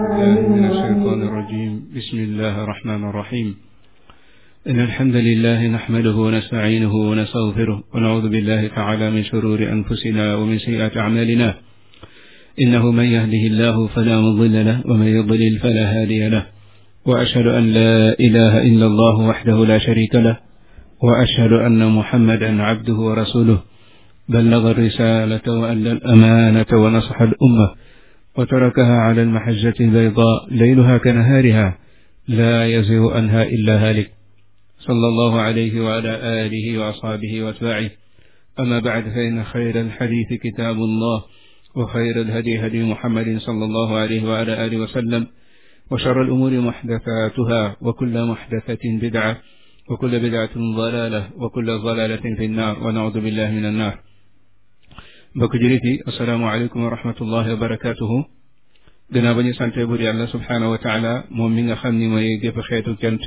الله من الشيطان الرجيم بسم الله الرحمن الرحيم إن الحمد لله نحمده ونستعينه ونستغفره ونعوذ بالله تعالى من شرور أنفسنا ومن سيئات أعمالنا إنه من يهده الله فلا مضل له ومن يضلل فلا هادي له وأشهد أن لا إله إلا الله وحده لا شريك له وأشهد أن محمدا عبده ورسوله بلغ الرسالة وأدى الأمانة ونصح الأمة وتركها على المحجة البيضاء ليلها كنهارها لا يزيغ عنها إلا هالك صلى الله عليه وعلى آله وأصحابه وأتباعه أما بعد فإن خير الحديث كتاب الله وخير الهدي هدي محمد صلى الله عليه وعلى آله وسلم وشر الأمور محدثاتها وكل محدثة بدعة وكل بدعة ضلالة وكل ضلالة في النار ونعوذ بالله من النار mbokk jullit yi asalaamaaleykum wa rahmatullahi wa barakaatuhu gannaaw ba ñu sante buur yàlla subhaanahu wa taala moom mi nga xam ni mooy gépp xeetu cant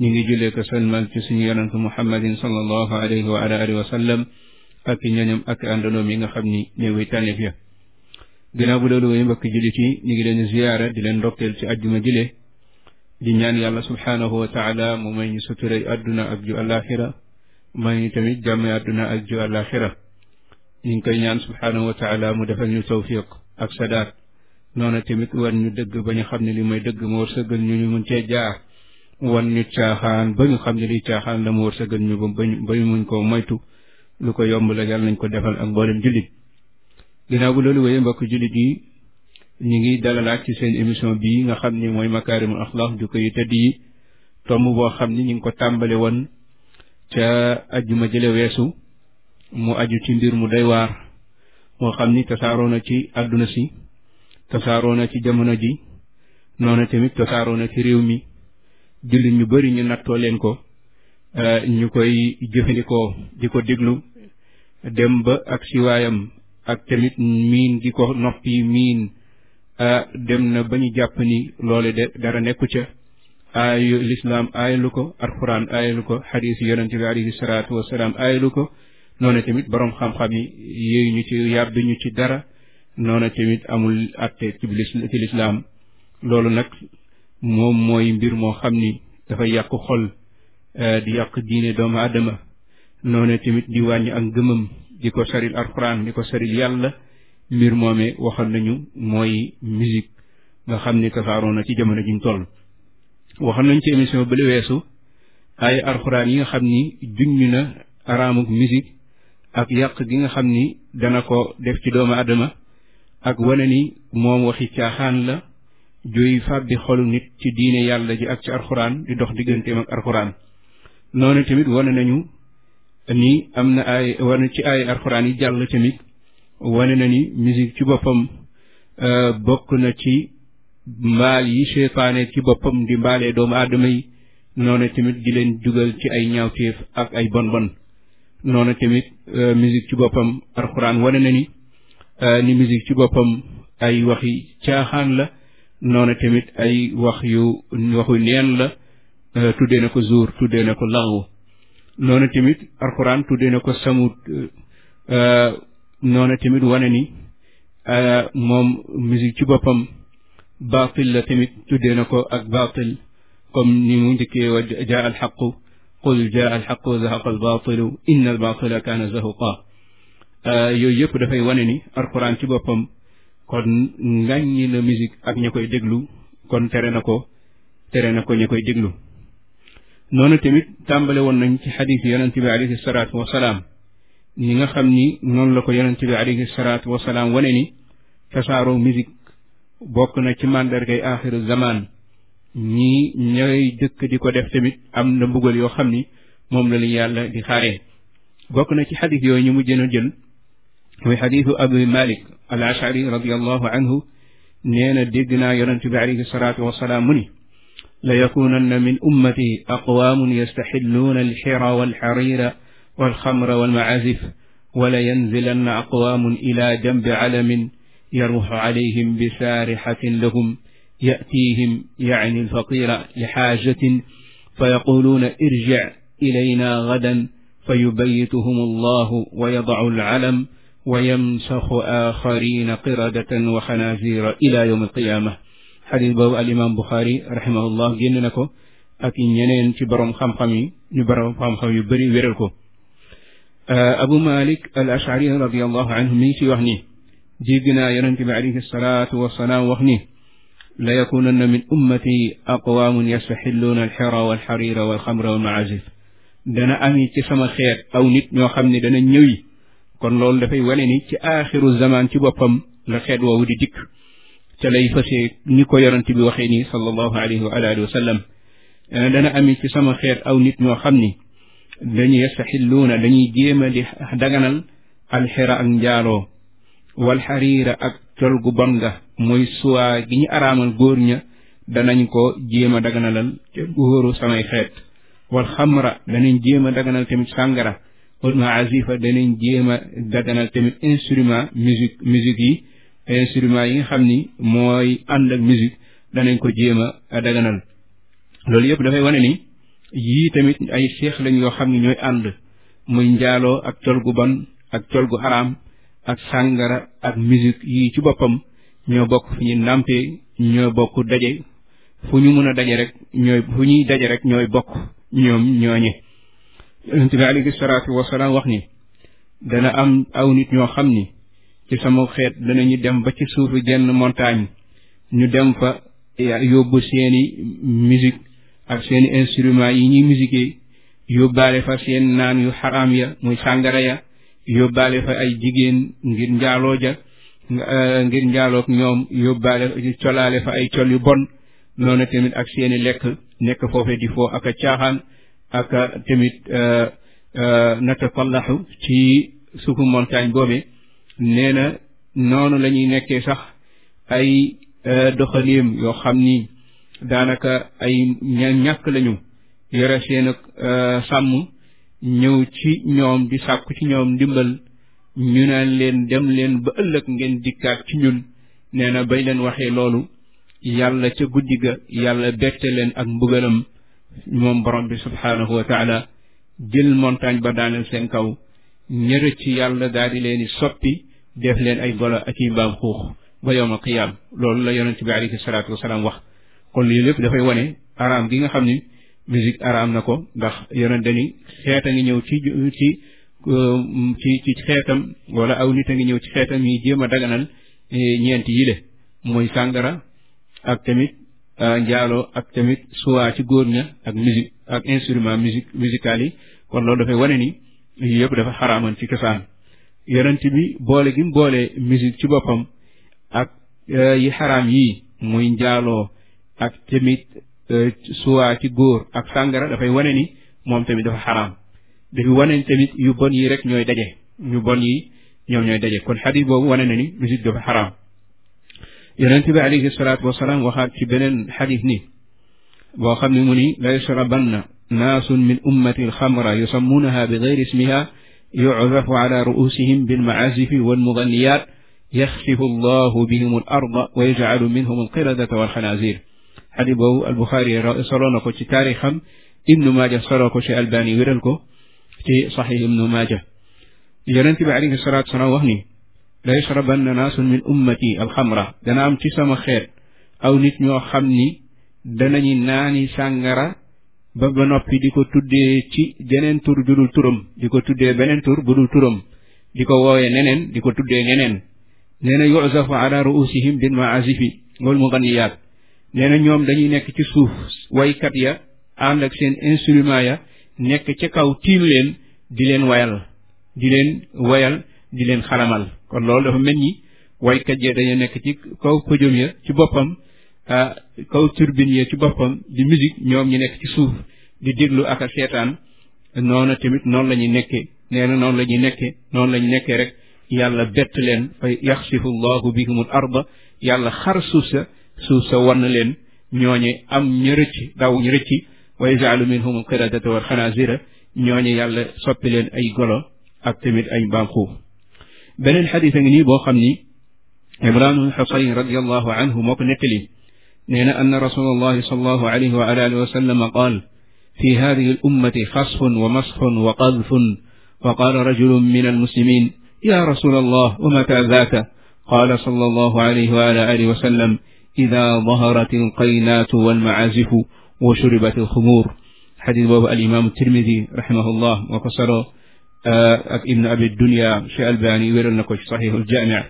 ñu ngi jullee ko salmal ci suñu yonent muhammadin sallallahu alayhi wa ala alihi wa sallam ak ñoñam ak àndandoom yi nga xam ni ñëway tànnif ya gannaaw bu loolu way mbokk jullit yi ñu ngi leen ziyaara di leen ndokkeel ci ma jile di ñaan yàlla subhaanahu wa taala mu may ñu suturay àdduna ak ju àllaaxira may ñu tamit jàmm àdduna ak ju àllaaxira ñu ngi koy ñaan subhaanahu wa taala mu defal ñu tawfiq ak sadaat noonu tamit wan ñu dëgg ba ñu xam ne li mooy dëgg mu wërsëgal ñu ñu mun cee jaar wan ñu caaxaan ba ñu xam ne li caaxaan la mu wërsëgal ñu ba ba muñ koo moytu lu ko yomb la yàlla nañ ko defal ak mboolem jullit ginnaaw bu loolu wéyee mbokk jullit yi ñu ngi dalalaat ci seen émission bii nga xam ne mooy makaarimul axlaaq jukko yu tëdd yi tomb boo xam ne ñu ngi ko tàmbale woon ca ajjuma jële weesu mu aju ci mbir mu doy waar moo xam ni tasaaroo na ci àdduna si tasaaroo na ci jamono ji noonu tamit tasaaroo na ci réew mi jullit ñu bari ñu nattoo leen ko eh, ñu koy jëfandikoo di ko déglu dem ba ak siwaayam ak tamit miin gi ko noppi miin eh, dem na ba ñu jàpp ni loolu de dara nekku ca aayu lislaam aayalu ko alxuraan aayalu ko xadiis yonente bi alayhi salaatu wasalaam aayalu ko noonu tamit boroom xam-xam yi yooyu ñu ci yar duñu ci dara noonu tamit amul atte ci ci lislaam loolu nag moom mooy mbir moo xam ni dafay yàq xol eh, di yàq diine doomu adama noonu tamit di wàññi ak gëmam di ko saril alxuraan di ko saril yàlla mbir moomee waxoon nañu mooy musique nga xam ni tasaaroo na ci jamono jiñ toll waxoon nañ ci émission bële weesu ay alxuraan yi nga xam ni junñ na araamuk musique ak yàq gi nga xam ni dana ko def ci doomu adama ak wane ni moom waxi caaxaan la juy fàbbi xolu nit ci diine yàlla ji ak ci alxuraan di dox digganteem ak alxuraan noonu tamit wane nañu ni am na ay wane ci ay alxuraan yi jàll tamit wane na ni musique ci boppam euh, bokk na ci mbaal yi seytaane ci boppam di mbaalee doomu adama yi noonu tamit di leen dugal ci ay ñaawteef ak ay bon bon noonu tamit euh, musique ci boppam alxuraan wane na ni euh, ni musique ci boppam ay waxi caaxaan la noonu tamit ay wax yu waxu neen la euh, tudde na ko zuur tuddee na ko laxwu noonu tamit alxuraan tuddee na ko samut noonu tamit wane ni moom musique ci boppam baatil la tamit tuddee na ko ak baatil comme ni mu njëkkee wa jaa al qul jaa alxaq wa zahaqa albaatilu inna albaatila kaana zahuqa yooyu yëpp dafay wane ni alquran ci boppam kon ngàññi na musique ak ña koy déglu kon tere na ko tere na ko ña koy déglu noonu tamit tàmbale woon nañ ci xadiis yonent bi alayhi salaatu wasalaam ñi nga xam ni noonu la ko yonent bi alayhi salaatu wasalaam wane ni tasaaroo musique bokk na ci màndargay aaxiru zamaan ñii ñooy jëkk di ko def tamit am na mbugal yoo xam ni moom la ñu yàlla di xaaree bokk na ci xadis yooyu ñu mujjën a jël muy xadisu abi malik al ashari radiallahu anhu nee na dégg naa yonente bi alayhi salaatu wasalaam mu ni la yakunanna min ummati aqwaamun yastaxilluuna alxira walxarira walxamra walmaazif wala yanzilanna aqwaamun ila jambi alamin yaruxu alayhim bi saarixatin lahum ya'tiihim yaani alfaqira li xaajatin fa yaquluuna irjic ilayna gadan fa yubayituhum allahu wa yadacu alcalam wa yamsaxu aaxarina qiradatan wa xanaazira ila yowm alqiyaama xadis boobu alimaam Buxaari raximahullah génn na ko ak ñeneen ci boroom xam-xam yi ñu boroom xam-xam yu bëri wéral ko abu malik al ashari radiallahu anhu mi ngi ci wax ni dégg naa yonente bi alayhi salaatu wasalaam wax ni la yakunanna min ummati aqwaamun yastaxilluuna alxira walxarira walxamra walmaazif dana am ci sama xeet aw nit ñoo xam ne dana ñëwi kon loolu dafay wane ni ci aaxiru zamaan ci boppam la xeet woowu di dikk ca lay fasee ni ko yonent bi waxee nii sallallahu alayhi wa alihi wa sallam eh, dana am ci sama xeet aw nit ñoo xam ni dañuy yastaxilluuna dañuy jéem a di daganal ak njaaloo walxariira ak col bon nga muy suwaa gi ñu araamal góor ña danañ ko jéem a daganalal te góoru samay xeet wal xamra danañ jéem a daganal tamit sàngara wal maazifa danañ jéem a daganal tamit instrument musique musique yi instrument yi nga xam ni mooy ànd ak musique danañ ko jéem a daganal loolu yëpp dafay wane ni yii tamit ay seex lañ yoo xam ne ñooy ànd muy njaaloo ak col gu bon ak col gu araam ak sàngara ak musique yii ci boppam ñoo bokk fu ñuy nàmpee ñoo bokk daje fu ñu mën a daje rek ñooy fu ñuy daje rek ñooy bokk ñoom ñooñe yonente wax ni dana am aw nit ñoo xam ni ci sama xeet danañu dem ba ci suufu genn montagne ñu dem fa yóbbu seeni musique ak seeni instruments yi ñuy musique yóbbaale fa seen naan yu xaraam ya muy sàngara ya yóbbaale fa ay jigéen ngir njaaloo ja ngir njaaloog ñoom yóbbaale colaale fa ay col yu bon noonu tamit ak seeni lekk nekk foofe di foo ak a caaxaan ak tamit e, e, natatallaxu ci suufu montagne boobe nee na noonu lañuy nekkee sax ay e, doxaliim yoo xam ni daanaka ay ñàkk lañu yore seen sàmm ñëw ci ñoom di sàkku ci ñoom ndimbal ñu naan leen dem leen ba ëllëg ngeen dikkaat ci ñun nee na bay leen waxee loolu yàlla ca guddi ga yàlla bette leen ak mbugalam moom borom bi subhaanahu wa taala jël montagne ba daaneel seen kaw ñërë ci yàlla daal di leen soppi def leen ay golo ak i mbaam xuux ba yowma qiyaam loolu la yonent bi alayhi salaatu wasalaam wax kon lii lépp dafay wane araam gi nga xam ni musique araam na ko ndax yonent dani xeet a ngi ñëw ci ci Euh, ci ci xeetam wala aw nit a ngi ñëw ci xeetam yi jéem a daganal eh, ñeent yile mooy sàngara ak tamit euh, njaaloo ak tamit suwaa ci góor ña ak musique ak instrument musique musical yi kon loolu dafay wane ni yëpp dafa xaraaman ci cosaan yonent bi boole gi mu boole musique ci boppam ak euh, yi xaraam yii muy njaaloo ak tamit suwaa ci góor ak sàngara dafay wane ni moom tamit dafa xaraam dafi wane ni tamit yu bon yi rek ñooy daje ñu bon yi ñoom ñooy daje kon xadis boobu wane na ni musique dafa xaraam yonent bi alayhi salaatu wasalaam waxaat ci beneen xadis ni boo xam ne mu ni la yashrabanna naasun min ummati alxamra yusammunaha bi gayri ismiha yucrafu ala ruusihim bilmaazifi walmuganniyaat yaxsifu allahu bihim al arda wa yajcalu minhum alqiradata walxanaazir xadis boobu albuxaari solo na ko ci taarixam ibnu maaja solo ko ci albani wéral ko ci saxiix ibnu maaja yonent bi wax ni la yashrabanna naasun min ummati alxamra dana am ci sama xeet aw nit ñoo xam ni danañu naani sàngara ba ba noppi di ko tuddee ci geneen tur ju dul turam di ko tuddee beneen tur bu dul turam di ko woowee neneen di ko tuddee neneen nee na yuzafu ala ruusihim bil maazifi wal muganniyaat nee na ñoom dañuy nekk ci suuf woykat ya ànd ak seen instrument ya nekk ca kaw tiim leen di leen wayal di leen woyal di leen xaramal kon loolu dafa mel ni waykat ya dañu nekk ci kaw pëjom ya ci boppam kaw turbine ya ci boppam di musique ñoom ñu nekk ci suuf di déglu ak a seetaan noonu tamit noonu la ñuy nekkee nee na noonu la ñuy nekkee noonu la nekkee rek yàlla bett leen fa yaxsifu llahu bihimul arda yàlla xar suuf sa suuf sa wan leen ñooñu am ñu rëcc daw ñu rëcc wa yajaalu minhum qiradata wal xanaazira ñooñu yàlla soppi leen ay golo ak tamit ay mbaam xuux beneen xadis a ngi nii boo xam ni imran bnu xusayn radiallahu anhu moo ko nettali nee na anna rasulallahi sallallahu alayhi wa ala alihi wa sallam qaal fi hadihi al ummati xasfun wa masxun wa qadfun wa qaala rajulun min almuslimin ya rasulallah wa mata daaka qaala sallallahu alayhi wa ala alihi wa sallam ida daharat alqaynaatu walmaazifu wa shuribat alxumuur xadis boobu al imam tirmidi rahimahullah moo ko solo ak ibnu abi dunya cheikh albani wéral na ko ci saxiix aljamia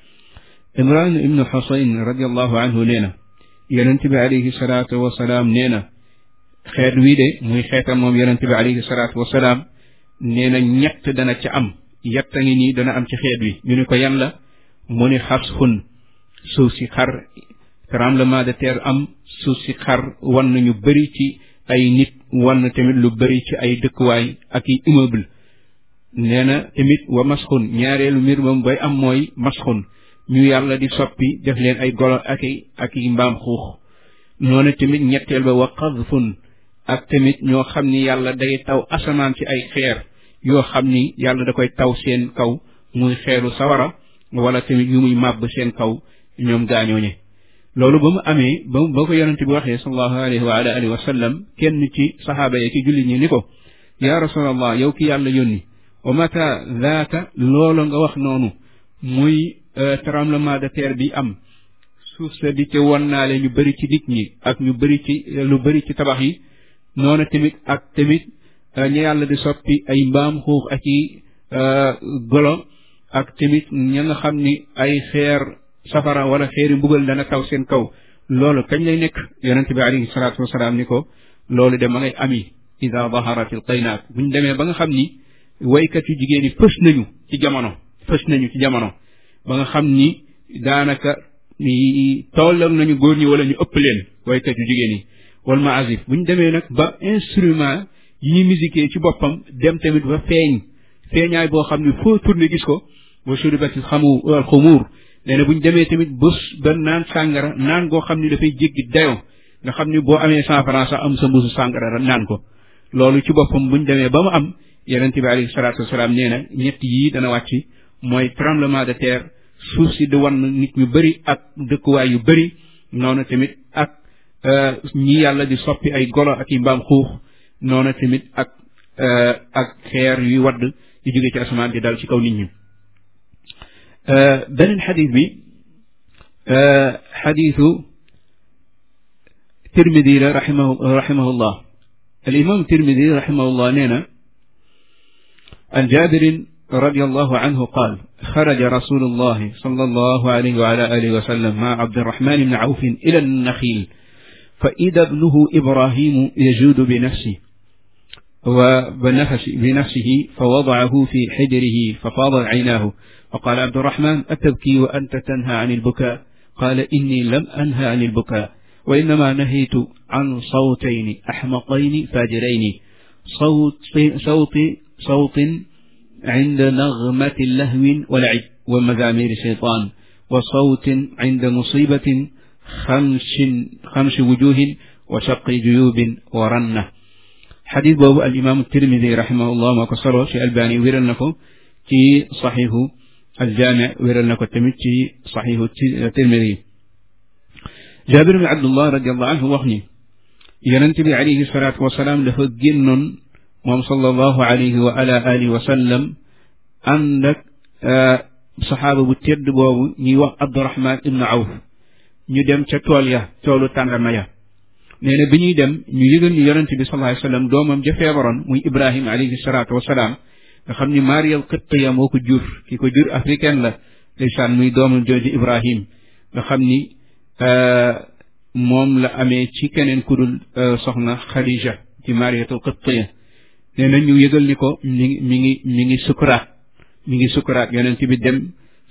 imran ibnu xusayn radiallahu anhu nee na yonente bi alayhi salaatu wasalaam nee na xeet wii de muy xeetam moom yonente bi alayhi salaatu wasalaam nee na ñett dana ca am yett a ngi nii dana am ci xeet wi ñu ne ko yan la mu ni xasxun suuf si xar tremblement de terre am suuf si xar wan nañu bari ci ay nit wan tamit lu bari ci ay dëkkuwaay ak i immeuble nee na tamit wa masxun ñaareelu mbir moom bay am mooy masxun ñu yàlla di soppi def leen ay golo ak ak i mbaam xuux noonu tamit ñetteel ba wa qadfun ak tamit ñoo xam ni yàlla day taw asamaan ci ay xeer yoo xam ni yàlla da koy taw seen kaw muy xeeru sawara wala tamit yu muy màbb seen kaw ñoom gaañooñe loolu ba mu amee ba ba ko yonente bi waxee sallallahu alayhi wa ala alihi wa sallam kenn ci saxaaba yi ci julli ñi ni ko yaa rasulallah yow ki yàlla yónni wa mata zaata loolu nga wax noonu muy euh, tremblement de terre bi am suuf sa di ca wannaale ñu bëri ci nit ñi ak ñu bëri ci lu bëri ci tabax yi noona tamit ak tamit euh, ñu yàlla di soppi ay mbaam xuux ak i euh, golo ak tamit ña nga xam ni ay xeer safara wala xeeri mbugal dana taw seen kaw loolu kañ lay nekk yonente bi alayhi salaatu ni ko loolu de ma ngay ami ida daharat il qaynaat ñu demee ba nga xam ni waykat yu jigéen yi fës nañu ci jamono fës nañu ci jamono ba nga xam ni daanaka tolloon nañu góor ñi wala ñu ëpp leen waykat yu jigéen ma wal bu ñu demee nag ba instrument yi ñuy musique ci boppam dem tamit ba feeñ feeñaay boo xam ne foo tourné gis ko wa shuribatil xamu al xumuur nee bu ñu demee tamit bu ba naan sàngara naan goo xam ni dafay jéggi dayoo nga xam ni boo amee cent franc sax am sa mbuusu sàngara naan ko loolu ci boppam bu ñu demee ba mu am yonent bi alayhi salaatu wasalaam nee na ñett yii dana wàcc mooy tremblement de terre suuf si di wan nit ñu bëri ak dëkkuwaay yu bëri noona tamit ak euh, ñi yàlla di soppi ay golo ak yi mbaam xuux noonu tamit ak euh, ak xeer yuy wadd di jóge ci asamaan di dal ci kaw nit ñi Euh, beneen xadis bi euh, xadisu tirmidi la raximahu raximahullah al imam tirmidi raximahullah nee na an jabirin radiyallahu anhu qaal xaraja rasulullahi sallallahu alayhi wa ala alihi wa sallam ma abdirahman ibn awf ila annaxil fa ida ibnuhu ibrahimu yajuudu bi nafsihi wa bi nafsihi fa wadaahu fi xijrihi fa faadat aynaahu wa qaala abdurahman atabkii wa anta tanha an ilbuka qaala inni lam anha an ilbuka wa innama nahitu an sawtayni axmaqayni faajirayni sawti sawti sawtin inda nagmati lahwin wa lacib wa madamiri shaytaan wa sawtin inda musibatin xamshin xamshi wujuhin wa shaqi juyubin wa ranna xadis boobu al imaamu tirmidi rahimahullah moo ko solo ci albani wéral na ko ci saxiixu aljaame wéral na ko tamit ci saxiixu tirmiri jaabir bin abdullah radiallahu anhu wax ni yonent bi alayhi salaatu wasalaam dafa génnoon moom sallallahu alayhi wa ala alihi wa sallam ànd ak saxaaba bu tedd boobu ñuy wax abdurahman ibnu awf ñu dem ca tool ya toolu tàndama ya nee na bi ñuy dem ñu yëgal ñu yonent bi sallallahu alayhi wa sallam doomam ja feebaroon muy ibrahim alayhi salaatu wasalaam nga xam ni Mariam Xëttëya moo ko jur ki ko jur africaine la ndeysaan muy doomam jooju Ibrahim nga xam ni euh, moom la amee ci keneen ku euh, soxna Xadija ci Mariatul Xëttëya nee na ñu yëgal ni ko mi ngi mi ngi ngi sukuraat mi ngi sukuraat yonent bi dem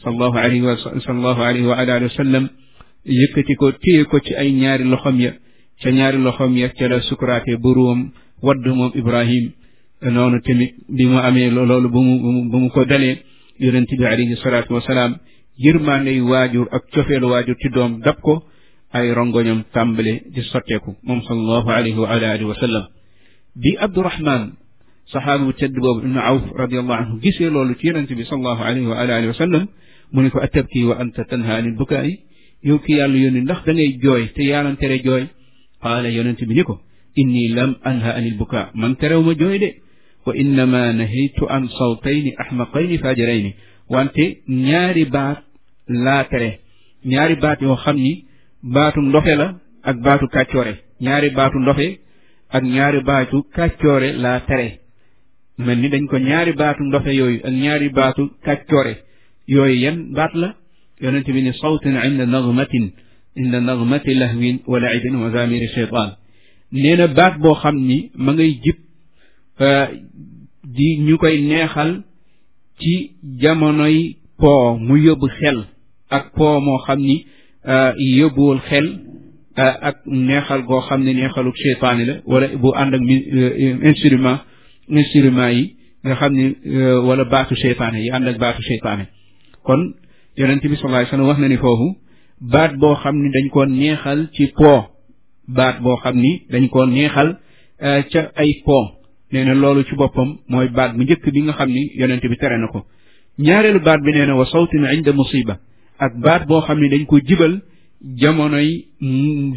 sallallahu alayhi wa sallallahu alayhi wa alihi wa sallam yëkkati ko ko ci ay ñaari loxom ya ca ñaari loxom ya ca la sukuraatee ba ruwam wadd moom Ibrahim noonu tamit bi mu amee loolu bu mu bu mu ko dalee yonent bi alayhi salaatu wasalaam yërmaandey waajur ak cofeelu waajur ci doom dab ko ay rongoñam tàmbale di sotteeku moom sallallahu alayhi wa ala alihi wa sallam bi abdurahman saxaaba bu tedd boobu ibnu awf radiallahu anhu gisee loolu ci yonent bi sallallahu alayhi wa ala alihi wa sallam mu ne ko attabkii wa anta tanha anil bukaa'i yow ki yàlla yónni ndax da ngay jooy te yaalan tere jooy qaala yonent bi ni ko inni lam anha anil bukaa man terewuma jooy de wa innama nahaytu an sawtayni ahmaqayni fajirayni wante ñaari baat laa tere ñaari baat yoo xam ni baatu ndofe la ak baatu kàccoore ñaari baatu ndofe ak ñaari baatu kàccoore la tere mel ni dañ ko ñaari baatu ndofe yooyu ak ñaari baatu kàccoore yooyu yan baat la yonent bi ne sawtun inda nazmatin inda nazmati lahwin wa laibin wa zamiri cheytaan nee na baat boo xam ni ma jib di ñu koy neexal ci jamonoy po mu yóbbu xel ak po moo xam ni euh, yóbbuwul xel euh, ak neexal goo xam ne neexalu seytaane la wala bu ànd ak euh, instrument instrument yi nga xam ne wala baatu seytaane yi ànd ak baatu seytaane kon yonent bi sallallahu alayhi wax na ni foofu baat boo xam ni dañ koo neexal ci po baat boo xam ni dañ koo neexal ca ay po nee na loolu ci boppam mooy baat bu njëkk bi nga xam ni yonent bi tere na ko ñaareelu baat bi nee na wa sawtin inda musiba ak baat boo xam ni dañ ko jibal jamonoy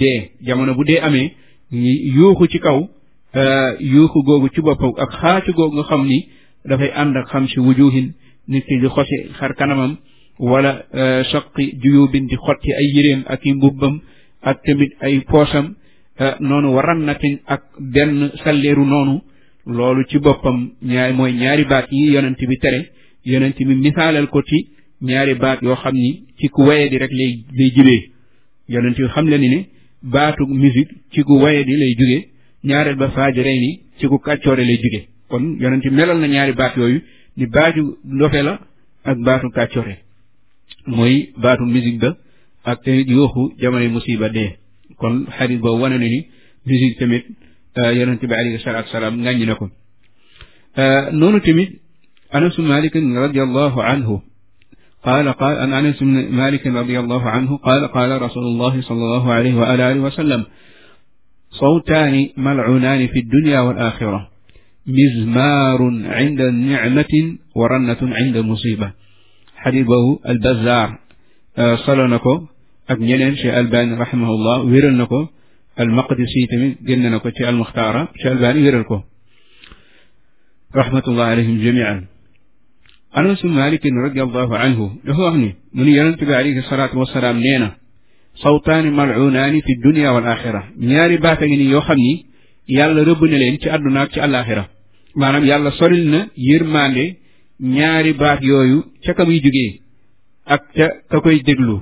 dee jamono bu dee amee ñu yuuxu ci kaw euh, yuuxu googu ci boppam ak xaacu googu xam ni dafay ànd xam si wujuhin nit ki di xosi xar kanamam wala euh, soqi juyubin di xotti ay yéreem ak i mbubbam ak tamit ay poosam euh, noonu waran natin ak benn salleeru noonu loolu ci boppam ñaar mooy ñaari baat yi yonent bi tere yonent bi misaalal ko ci ñaari baat yoo xam ni ci ku waye di rek lay lay jibee yonent xam le ni ni baatu musique ci ku waye di lay jóge ñaareel ba faaji rey ni ci ku kàccoore lay jóge kon yonent bi melal na ñaari baat yooyu ni baatu ndofe la ak baatu kàccoore mooy baatu musique ba ak tamit yooxu jamonoy musiba dee kon xarit boobu wane na ni musique tamit Euh, yonente bi alayhi salaatu salaam ngàññi na ko euh, noonu tamit anas bnu malikin radiallahu anhu qaala qaal an anas bnu malikin radiallahu anhu qaala qaala rasulullahi sallallahu alayhi wa alihi wa sallam sawtaani malcunaani fi dunya wal axira mizmaarun cinda nicmatin wa rannatun cinda musiba xadis boobu albazar euh, solo na ko ak ñeneen cheikh albani rahimahullah wéral na ko almaqdisi yi tamit génn na ko ci almuxtaara ci albaani wéral ko rahmatullah alayhim jamian anasu malikin radiallahu anhu dafa wax ni mu ni yonent bi alayhi salaatu wasalaam nee na sawtaani malunaani fi dunia wal axira ñaari baata ngi ni yoo xam ni yàlla rëbb na leen ci àdduna ak ci àllaaxira maanaam yàlla soril na yërmande ñaari baat yooyu ca ka muy jógee ak ca ka koy déglu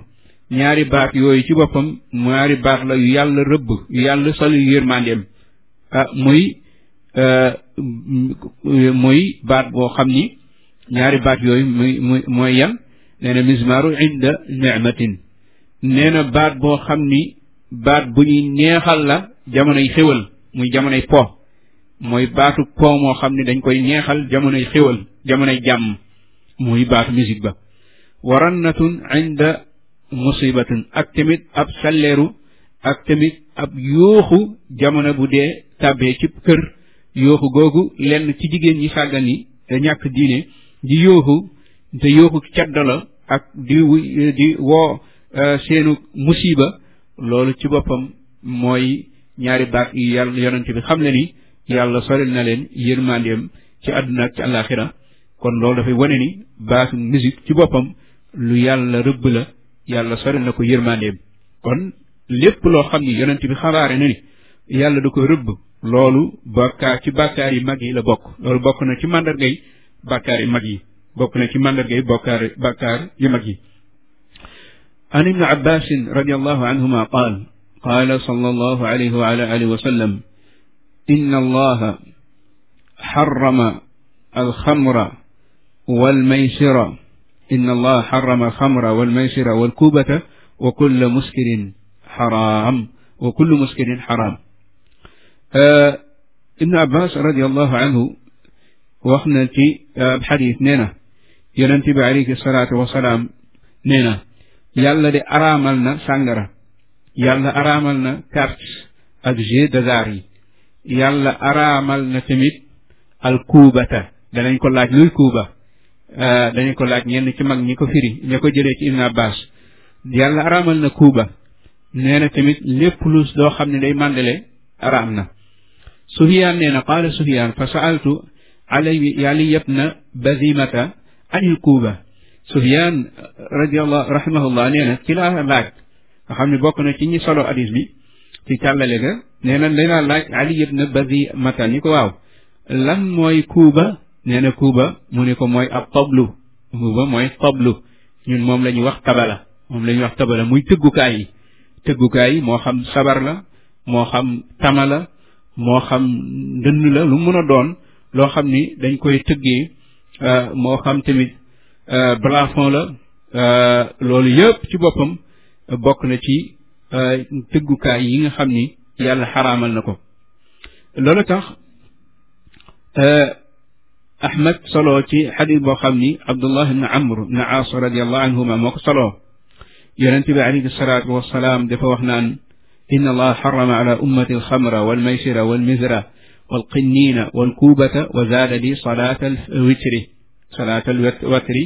ñaari baat yooyu ci boppam ñaari baat la yu yàlla rëbb yu yàlla sol yu yërmandeem ah muy euh, muy baat boo xam ni ñaari baat yooyu muy muy mooy yan nee na mismaaru inda ni'matin nee na baat boo xam ni baat bu ñuy neexal la jamonoy xéwal muy jamonoy po mooy baatu po moo xam ni dañ koy neexal jamonoy xéwal jamonoy jàmm muy baatu musique ba warannatun inda musibatin ak tamit ab salleeru ak tamit ab yooxu jamono bu dee tàbbee ci kër yooxu googu lenn ci jigéen ñi sàggan yi te ñàkk diine di yooxu te yooxu cadda la ak di di woo euh, seenu musiba loolu ci boppam mooy ñaari baat yu yàlla yonente bi xam le ni yàlla soril na leen yërmandeem ci àdduna ak ci àllaaxira kon loolu dafay wane ni baatu musique ci boppam lu yàlla rëbb la yàlla sori na ko yërmandeem kon lépp loo xam ni yonent bi xabaare na ni yàlla da ko rëbb loolu bàkkaar ci bàkkaar yi mag yi la bokk loolu bokk na ci màndargay bàkkaar yi mag yi bokk na ci màndargay bokkaar bàkkaar yi mag yi an ibni abbasin radiallahu anhuma qaal qaala sallallahu alayhi wa ala alihi wa sallam inna allaha xarama alxamra walmaysira inna allah xarama alxamra walmaysira walkubata wa kulla muskirin xaraam wa kullu muskirin xaraam ibnu abbas radiallahu anhu wax na ci ab xadis nee na yonent bi alayhi salaatu wasalaam nee na yàlla de araamal na sàngara yàlla araamal na carte ak jeu d'hasard yi yàlla araamal na tamit al kuubata danañ ko laaj luy kuuba Euh, dañu ko laaj ñenn ci mag ñi ko firi ña ko jëlee ci Ibn Abbas yàlla araamal na kuuba nee na tamit lépp lu loo xam ne day màndale araam na Sufyaan nee na qaala Sufyaan fa sa'altu Ali Ali ibn Bazimata anil kuuba Sufyaan radiyallahu rahimahullah nee na ci laa laaj nga xam ne bokk na ci ñi solo hadis bi nee na danaa laaj Ali ibn Bazimata ni ko waaw lan mooy kuuba nee na kuuba mu ne ko mooy ab tablu kuuba mooy tablu ñun moom lañuy wax tabala moom la wax tabala muy tëggukaay yi tëggukaay moo xam sabar la moo xam tama la moo xam ndënd la lu mën a doon loo xam ni dañ koy tëggee euh, moo xam tamit balafon euh, la euh, loolu yëpp ci boppam bokk na ci tëggukaay yi nga xam ni yàlla xaraamal na ko loolu tax ahmad solo ci xadis boo xam ni abdullah ibn amr ibn aas radiallahu anhuma moo ko soloo yonent bi alayhi salaatu wasalaam dafa wax naan inna allah xarama ala ummati alxamra walmaysira walmizra walqinniina walkuubata wa zaada li salaat alwitri salaat alwatri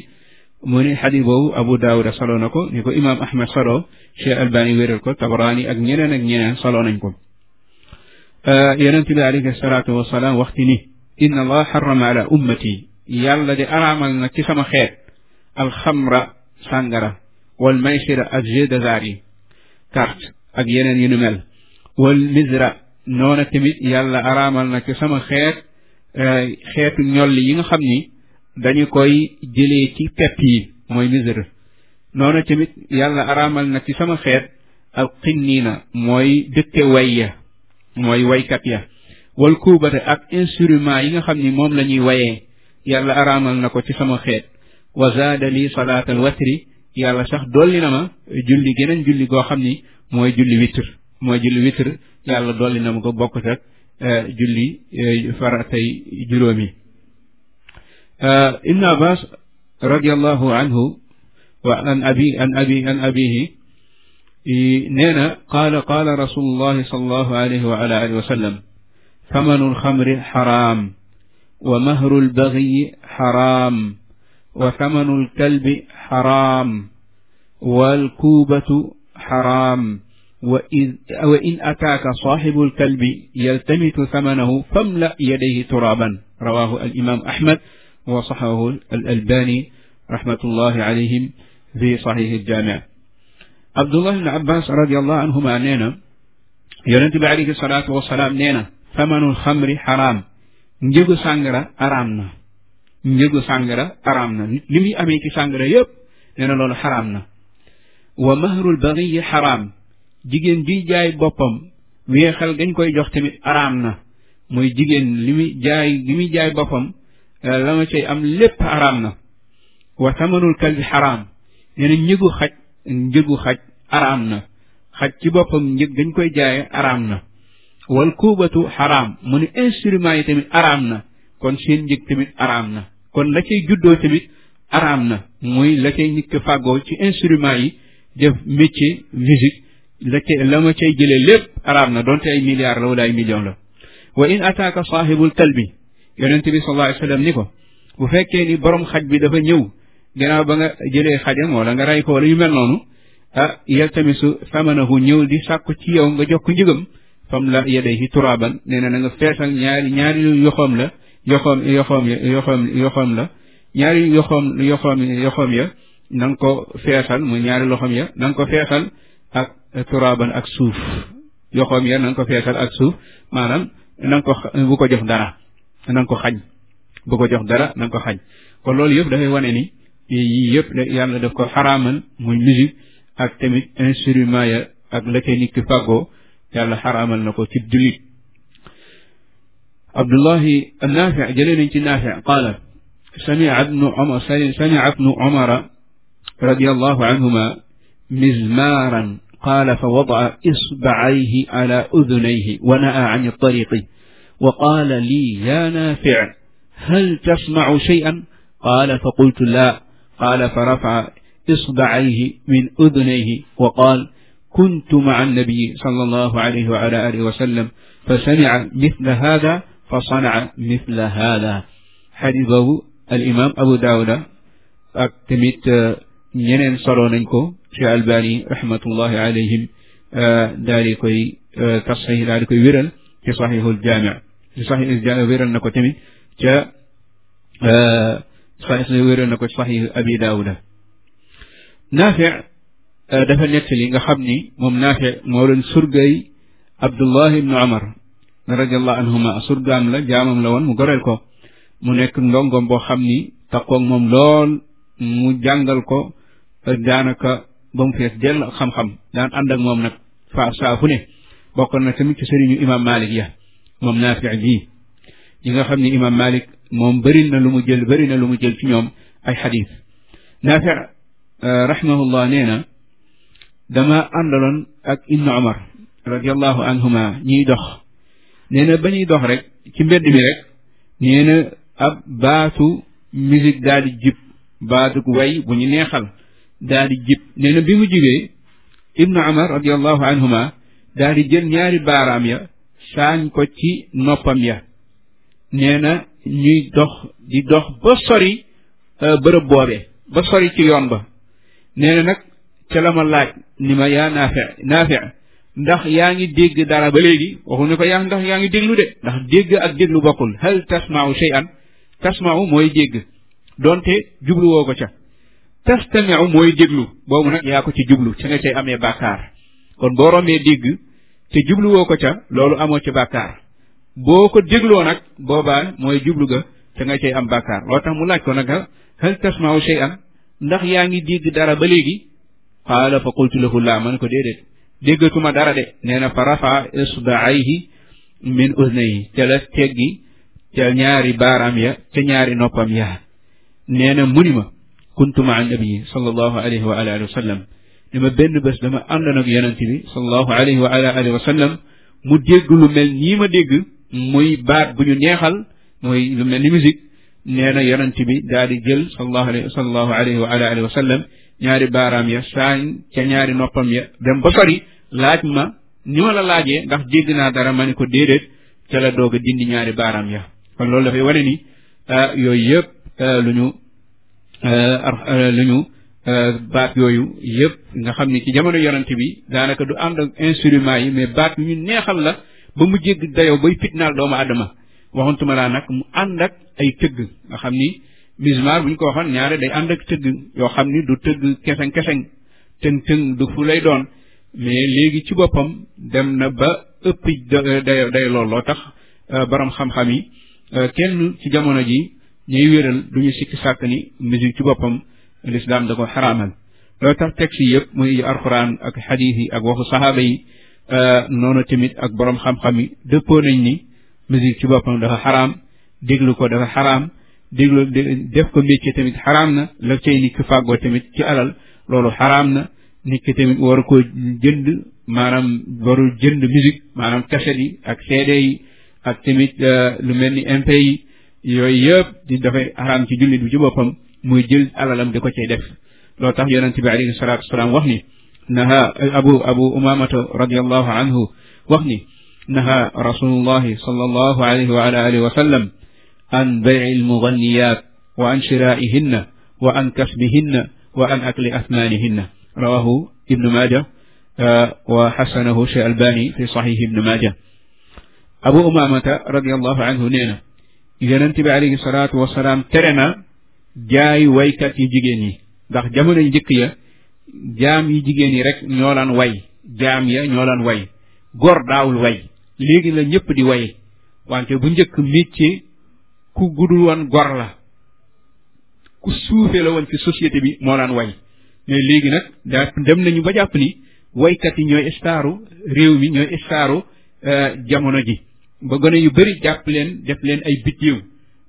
mu ne xadis boobu abu daawuda soloo na ko ni ko imaam ahmad solo cheikh albani wéral ko tabarani ak ñeneen ak ñeneen soloo nañ ko yonent bi alayhi salaatu wasalaam waxti ni inna allah xarama ala ummati yàlla de araamal na ci sama xeet alxamra sàngara wal maysira ak jeu d'hasard yi carte ak yeneen yu nu mel wal misra noona tamit yàlla araamal na ci sama xeet eh, xeetu ñolli yi nga xam ni dañu koy jëlee ci pepp yi mooy misra noona tamit yàlla araamal na ci sama xeet al xinniina mooy dëkke way ya mooy waykat ya wal kuubate ak instrument yi nga xam ni moom la ñuy wayee yàlla araamal na ko ci sama xeet wa zaada li salaatal watri yàlla sax dolli na ma julli geneen julli goo xam ni mooy julli witr mooy julli witr yàlla dolli na ko bokkut ak e, julli e, faratay juróomi e, ibn abbas radiallahu anhu wa an abihi nee na qaala qaala rasulullahi sallallahu alayhi wa ala alihi samanul xamri xaraam wa mahrul baxiyi xaraam wa samanul kalbi xaraam wal kuubatu xaraam wa in ataaka saaxibul kalbi yaltamitu samanahu famla yadayhi turaaban rawaahu al imaam Ahmad wa saxahu al albaani rahmatullahi alayhim fi saxiixi aljaami Abdullah ibn Abbas radiyallahu anhuma nee na yonente bi alayhi salaatu wasalaam nee na samanul xamri xaraam njëgu sàngara araam na njëgu sàngara araam na li muy amee ci sàngara yépp nee na loolu xaraam na wa mahrul baxiyi xaraam jigéen biy jaay boppam weexal gañ koy jox tamit araam na mooy jigéen li muy jaay li jaay boppam eh, la ma cay am lépp araam na wa samanul kalbi xaraam nee njëgu xaj njëgu xaj araam na xaj ci boppam njëg gañ koy jaay araam na wal kuubatu xaraam mu ni instruments yi tamit araam na kon seen njëg tamit araam na kon la cay juddoo tamit araam na muy la cay nit fàggoo ci instruments yi def métier musique la la ma cay jëlee lépp araam na donte ay milliards la wala ay millions la wa in ataaka saahibul kalbi yonente bi sallallahu alayhi wa sallam ni ko bu fekkee ni borom xaj bi dafa ñëw gannaaw ba nga jëlee xajam wala nga rey ko wala yu mel noonu ah yaltamisu famanahu ñëw di sàkku ci yow nga jox ko fam la yadayhi turaaban nee na na nga feesal ñaari ñaari yoxoom la yoxoom yoxoom yoxoom yoxoom la ñaari yoxoom yoxoom yoxoom ya na nga ko feesal muy ñaari loxoom ya na nga ko feesal ak turaaban ak suuf yoxoom ya na nga ko feesal ak suuf maanaam na nga ko bu ko jox dara na nga ko xañ bu ko jox dara na nga ko xañ kon loolu yëpp dafay wane ni yii yëpp yàlla daf ko xaraamal muy musique ak tamit instrument ya ak la koy nit ki fàggoo yàlla xaraamal na ko ci jullit abdullahi naafi jëlee nañ ci naafi qaala samia ibnu omar samia ibnu omara radiallahu anhuma mizmaaran qaala fa wadaa isbacayhi ala udunayhi wa naa an tariqi wa qaala lii ya naafic hal tasmacu cheyan qaala fa qultu laa qaala fa rafaca isbacayhi min udunayhi wa qaal kuntu maa annabii sallallahu alayhi wa ala alihi wa sallam fa sami'a mithla hada fa sana'a mithla hada xadis boobu al imam Abu Daawuda ak tamit ñeneen soloo nañ ko ci albani rahmatullahi alayhim daal di koy tasxiix daal di koy wéral ci saxiixul jaami' ci saxiixul jaami' wéral na ko tamit ca saxiix wéral na ko ci saxiix Abi Daawuda Naafi' Euh, dafa nettali nga xam ni moom naafe moo leen surgay Abdullah ibnu Umar radiallahu anhuma surgaam la jaamam la woon mu goreel ko mu nekk ndongoom boo xam ni taqoog moom lool mu jàngal ko daanaka ba mu fees dell xam-xam daan ànd ak moom nag fa saa ko ne bokkoon na tamit ci sëriñu imam Malik ya moom naafi bii yi nga xam ni imam Malik moom bëri na lu mu jël bëri na lu mu jël ci ñoom ay xadiis naafi euh, rahimahullah nee na dama àndaloon ak ibnu omar radiallahu anhuma ñuy dox nee ba ñuy dox rek ci mbedd mi rek nee ab baatu musique daal di jib baatu way bu ñu neexal daal di jib nee na bi mu jibee ibnu omar radiallahu anhuma daal di jël ñaari baaraam ya saañ ko ci noppam ya nee na ñuy dox di dox ba sori euh, bërëb boobee ba sori ci yoon ba nee nag ca la ma laaj ni ma yaa naafi naafi ndax yaa ngi dégg dara ba léegi waxu ne ko yaa ndax yaa ngi déglu de ndax dégg ak déglu bokkul hal tasmau shay'an tasmau mooy dégg donte jublu woo ko ca tastamiu mooy déglu boobu nag yaa ko ci jublu ci nga cay amee bàkkaar kon boo rombee dégg te jublu ko ca loolu amoo ci bàkkaar boo ko dégloo nag boobaa mooy jublu ga te nga cay am bàkkaar loo tax mu laaj ko nag hal tasmau shay'an ndax yaa ngi dégg dara ba léegi qaala fa qultu lahu laa man ko déedéet déggatuma dara de nee na fa rafa isbaayhi min uznayhi te la teggi ca ñaari baaraam ya ca ñaari noppam ya nee na muni ma kuntu ma annabii sallallahu alayhi wa alihi wa sallam ne ma benn bés dama àndoon ak yonent bi sallallahu alayhi wa alihi wa sallam mu dégg lu mel nii ma dégg muy baat bu ñu neexal mooy lu mel ni musique nee na yonent bi daal di jël sallallahu alayhi sallallahu alayhi wa alihi wa sallam ñaari baaraam ya saañ ca ñaari noppam ya dem ba sori laaj ma ni ma la laajee ndax dégg naa dara ma ne ko déedéet ca la doog a dindi ñaari baaraam ya kon loolu dafay wane ni euh, yooyu yëpp euh, lu ñu euh, lu ñu baat yooyu yëpp nga xam ni ci jamono yonent bi daanaka du ànd ak instruments yi mais baat yu ñu neexal la ba mu jégg dayoo bay fitnaal doomu adama waxantuma laa nag mu ànd ak ay tëgg nga xam ni mismar bu ñu ko waxoon ñaaree day ànd ak tëgg yoo xam ni du tëgg keseng keseng tëng-tëng du fu lay doon mais léegi ci boppam dem na ba ëpp day day loo tax euh, boroom xam-xam yi euh, kenn ci jamono ji ñuy wéral duñu sikki sàkk ni musique ci boppam lislaam da ko xaraamal loolu tax texte yi yëpp muy alxuraan ak xadiis yi ak waxu saxaaba yi euh, noonu tamit ak boroom xam-xam yi dëppoo nañ ni musique ci boppam dafa xaraam déglu ko dafa xaraam déglu def ko métier tamit xaraam na la cay nit ki fàggoo tamit ci alal loolu xaraam na nit ki tamit war koo jënd maanaam waru jënd musique maanaam cassette yi ak CD yi ak tamit euh, lu mel ni MP yi yooyu yëpp di dafay xaraam ci jullit bi ci boppam muy jël alalam de ko cay def loo tax yonente bi alayhi salatu wasalaam wax ni naha abu abu umamata radiallahu anhu wax ni naha rasulullahi sallallahu alayhi wa ala an bay'i almuganniyaat wa an shiraa'ihinna wa an kasbihinna wa an akli asnaanihinna rawahu ibnu maaja uh, wa xasanahu cheikh albani fi saxiix ibnu maaja abu umaamata radiallahu anhu nee na yonent bi alayhi salaatu wasalaam tere na jaay waykat yu jigéen yi ndax jamono njëkk ya jaam yu jigéen yi rek ñoo laan way jaam ya ñoo laan way góor daawul way léegi la ñëpp di way wante bu njëkk métier ku gudul woon gor la ku suufee la woon ci société bi moo laan way mais léegi nag daa dem nañu ba jàpp ni waykat yi ñooy staaru réew mi ñooy staaru euh, jamono ji ba gone yu bëri jàpp leen def leen ay biddiw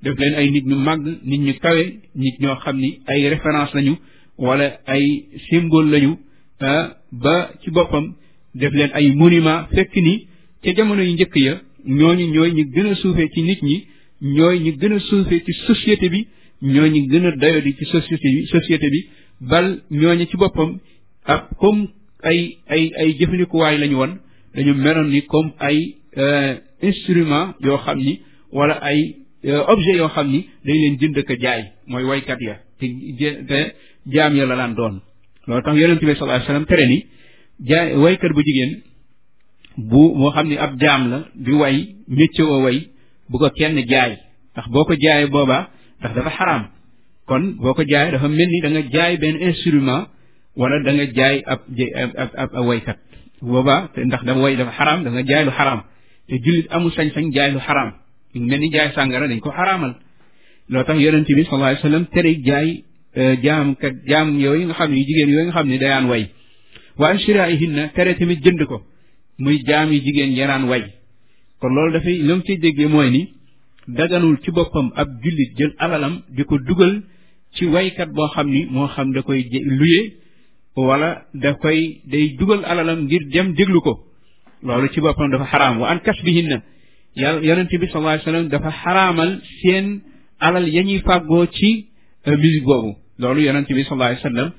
def leen ay nit ñu màgg nit ñu kawe nit ñoo xam ni ay référence lañu wala ay symbole lañu euh, ba ci boppam def leen ay monument fekk ni ca jamono yu njëkk ya ñoo ñooñu ñooy ñu gën a suufee ci nit ñi ñooy ñi gën a suufee ci société bi ñooy ñi gën a dayodi ci société bi société bi bal ñooñu ci boppam ab comme ay ay ay jëfandikuwaay lañu woon dañu meloon ni comme ay euh, instrument yoo xam ni wala ay euh, objet yoo xam ni dañ leen jënd ak jaay mooy waykat ya te te jaam ya la laan doon loolu tax yonent bi sallallahu alayhi wasallam tere ni jaay waykat bu jigéen bu moo xam ni ab jaam la di way mécce oo way bu ko kenn jaay ndax boo ko jaayee boobaa ndax dafa xaraam kon boo ko jaayee dafa mel ni da jaay benn instrument wala da nga jaay ab ab ab waykat boobaa te ndax dafa way dafa xaraam da nga jaay lu xaram te jullit amul sañ-sañ jaay lu xaraam ñu mel ni jaay sàngara dañ ko xaraamal loo tax yonente bi sallallahu alayhi wasallam tere jaay euh, jaamkat jaam yooyu nga xam ne yu jigéen yooyu nga xam ne dayaan way wa an shiraa'ihinna tere tamit jënd ko muy jaam yi jigéen yaraan way kon loolu dafay la mu cay déggee mooy ni daganul ci boppam ab jullit jël alalam di ko dugal ci waykat boo xam ni moo xam da koy luye wala da koy day dugal alalam ngir dem déglu ko loolu ci boppam dafa xaraam wa an kasbihinna yàlla yonent bi sallallahu alayhi wasallam dafa xaraamal seen alal ya ñuy fàggoo ci euh, musique boobu loolu yonent bi sallallahu alayhi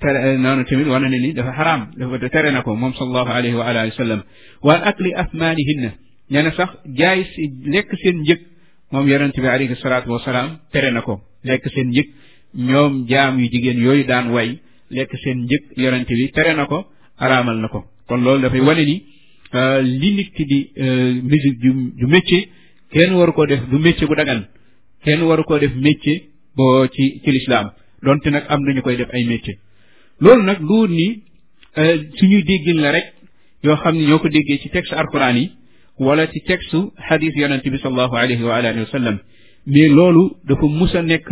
tere eh, noonu tamit wane na ni dafa xaraam dafa tere na ko moom sallallahu alayhi wa alihi wa sallam wa akli asmaanihinna nee na sax jaay lekk seen njëg moom yonente bi alayhi salaatu wasalaam tere na ko lekk seen njëg ñoom jaam yu jigéen yooyu daan way lekk seen njëg yonente bi tere na ko araamal na ko kon loolu dafay wane ni euh, li nit ki di euh, musique ju ju métier kenn waru koo def du métier bu dagan kenn waru koo def métier boo ci ci lislaam donte nag am nañu koy def ay métier loolu nag lu ni euh, suñuy déggin la rek yoo xam ne ñoo ko déggee ci texte alquran yi wala ci texte xadis yonente bi salallahu alayhi wa alihi wa sallam loolu dafa mus a nekk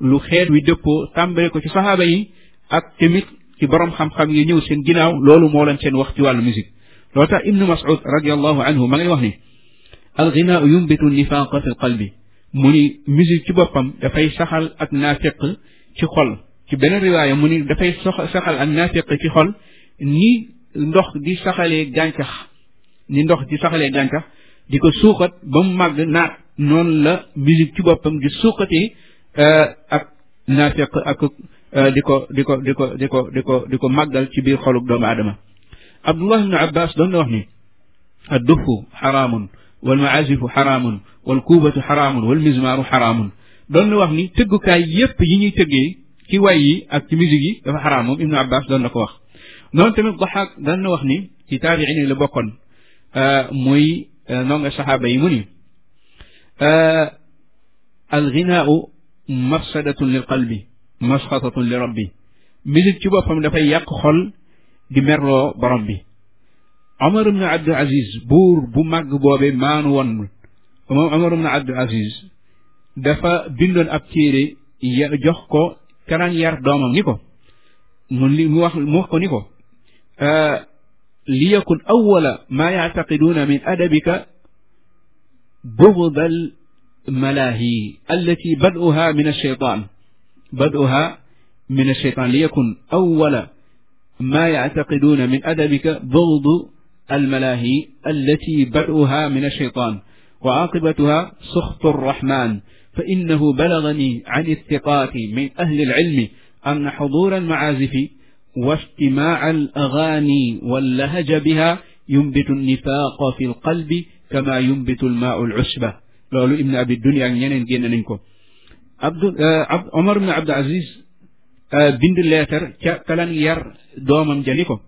lu xeet wi dëppoo tàmbale ko ci saxaaba yi ak tamit ci borom xam-xam yi ñëw seen ginnaaw loolu moo leen seen wax ci wàllu musique loo tax ibnu mas'ud radiallahu anhu ma ngay wax ni alginaau yumbitu nifaqa fi lqalbi mu ni musique ci boppam dafay saxal ak naafeq ci xol ci beneen riwaaya mu ni dafay sox saxal ak naafiq ci xol ni ndox di saxale gàncax ni ndox di saxalee gàncax di ko suuxat ba mu màgg naat noonu la musique ci boppam di suuxati euh, ak ak euh, di ko di ko di ko di ko di ko di ko màggal ci biir xoluk doomu aadama abdullah ibnu abbas doon na wax ni addufu xaraamun wal maazifu xaraamun wal kuubatu xaraamun wal mizmaaru xaraamun doon na wax ni tëggukaay yépp yi ñuy tëggee ci way yi ak ci musique yi dafa xaraam moom ibnu abbas doon na ko wax noonu tamit Daxaak doon na wax ni ci taabiin yi la bokkoon euh, muy euh, ndonga saxaaba yi mu ni euh, alginaau mafsadatun lil qalbi masxatatun li rabbi musique ci boppam dafay yàq xol di merloo borom bi Omar ibnu Abdul Aziz buur bu màgg boobee maanu woon moom Omar ibnu Abdul Aziz dafa bindoon ab téere ya jox ko kanaan yar doomam ni ko mun li mu wax mu wax ko ni ko euh, li yakun awala maa yactaqiduuna min adabika bugda al malaahi allati baduha min alcheytaan baduha min alcheytaan li yakun awala maa yactaqiduuna min adabika bugdu almalaahi allati baduha min alcheytaan wa aqibatuha suxtu arrahman فإنه بلغني عن الثقات من أهل العلم أن حضور المعازف واستماع الأغاني واللهج بها ينبت النفاق في القلب كما ينبت الماء العشبة loolu Ibn Abi Dunya ak ñeneen génn nañ ko Abdu ab Omar ibn Abdul Aziz bind leetar ca kalan yar doomam ja ni ko